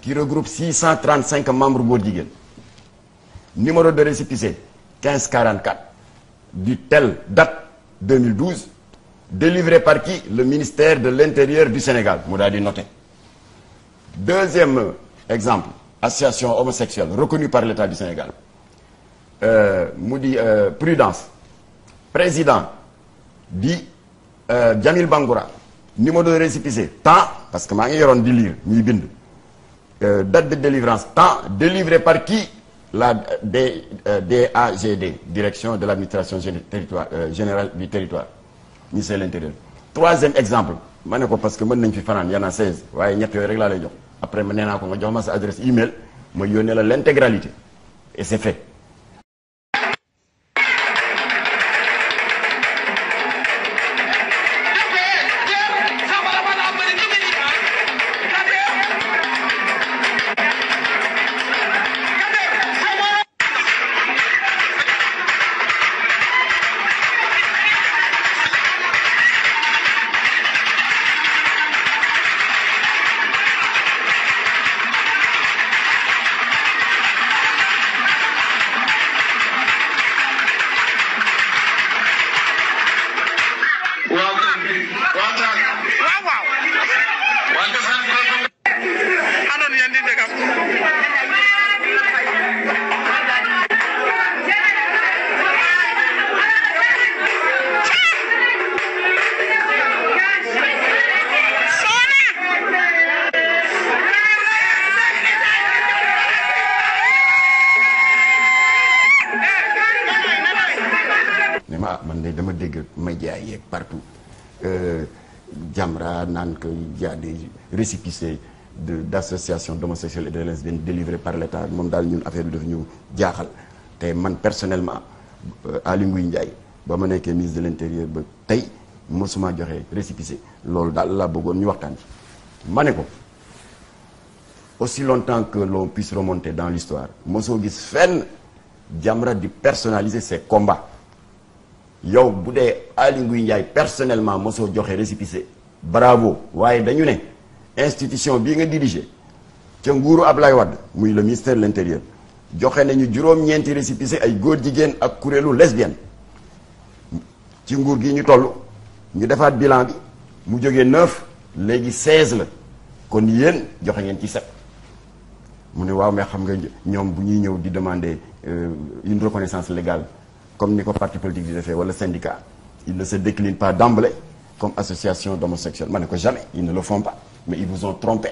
qui regroupe 635 membres góor numéro de récépissé 1544 du tel date 2012 délivré par qui le ministère de l'intérieur du Sénégal Moudadi noté deuxième exemple association homosexuelle reconnue par l'État du Sénégal euh, euh prudence président dit, euh, Bangoura numéro de récépissé tant, parce que maa ngi délire, lire euh, date de délivrance, temps, délivré par qui La DAGD, euh, Direction de l'administration euh, générale du territoire, ministère de l'Intérieur. Troisième exemple, parce que moi, il y en a 16, ouais, il y a règles Après, je vais vous adresse email, je vais l'intégralité. Et c'est fait. ma man de dama dégg média partout euh, Jamra nan que y a des récépissés de d'associations d'homosexuels et de lesbiennes délivrés par l'État. état dal ñun affaire bi daf ñu man personnellement à euh, Ngouille Ndiaye ba ma nekkee ministre de l'Intérieur. ba tay mosuma joxé récépissé loolu dal la bëggoon ñu waxtan mané ko aussi longtemps que l'on puisse remonter dans l'histoire mosoo gis fenn Jamra di personnaliser ses combats yow bu dee Ndiaye personnellement mosoo joxe récépissé bravo waaye dañu institution bii nga dirigé ca nguuru Ablaye le de l'intérieur joxe nañu juróom-ñeenti récépissé ay góor jigéen ak kuréelu lesbienne ci nguur ñu toll ñu bilan mu neuf léegi seize la kon yéen joxe ngeen ci sept mu ne waaw mais xam bu ñuy di euh, une reconnaissance légale comme les partis parti politique di ou wala syndicat ils ne se déclinent pas d'emblée comme association d'homosexuels je ne jamais ils ne le font pas mais ils vous ont trompé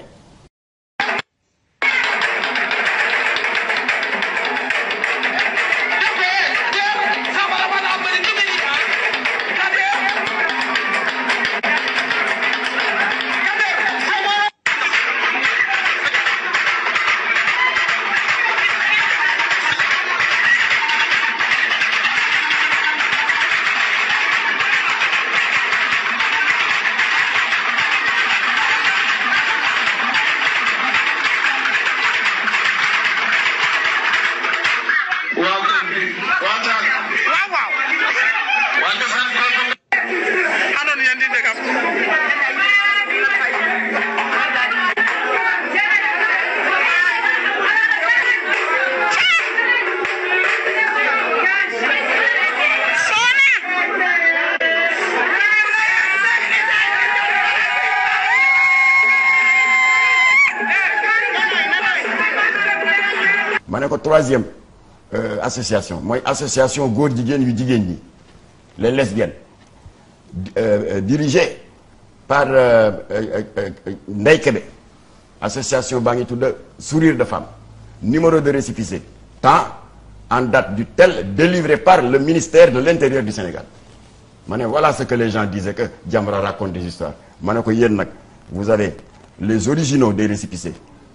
Maintenant, troisième euh, association association les lesbiennes euh, euh, dirigée par Ndeye association baa sourire de femme numéro de récipicé, temps en date du tel délivré par le ministère de l'intérieur du Sénégal voilà ce que les gens disaient que Jamra raconte des histoires vous avez les originaux des récipicés.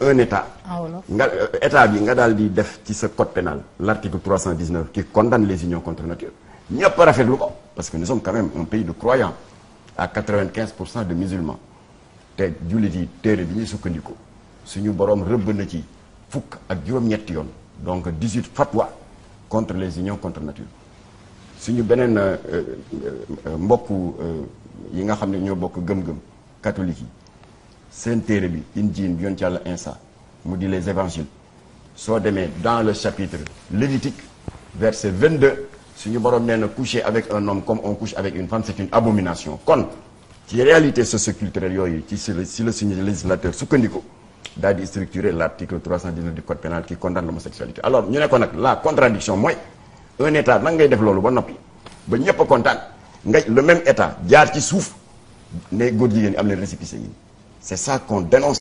un état ah, nga euh, état bi nga daldi def code pénal l'article 319 qui condamne les unions contre nature ñepp rafetlu ko parce que nous sommes quand même un pays de croyants à 95 de musulmans té jullit yi téere bi ñu sukkandiku suñu borom reub na ci fuk ak juroom ñetti yoon donc 18 fatwa contre les unions contre nature suñu benen euh, euh, mbokk yi nga xamné ñoo bokk gëm-gëm catholique saint téere bi Biontial, insa les évangiles Soit demain, dans le chapitre Lévitique verset 22 si borom nee coucher avec un homme comme on couche avec une femme c'est une abomination kon ci réalité socioculturelle ce ci si le si le signe législateur sukkandiku a di l'article 319 du code pénal qui condamne l'homosexualité alors nous avons la contradiction Moi, un état nag ngay def le ba appui, ba ne a pas le même état jaar ci souffre, ne góor pas. ñi am le c'est ça qu'on dénonce.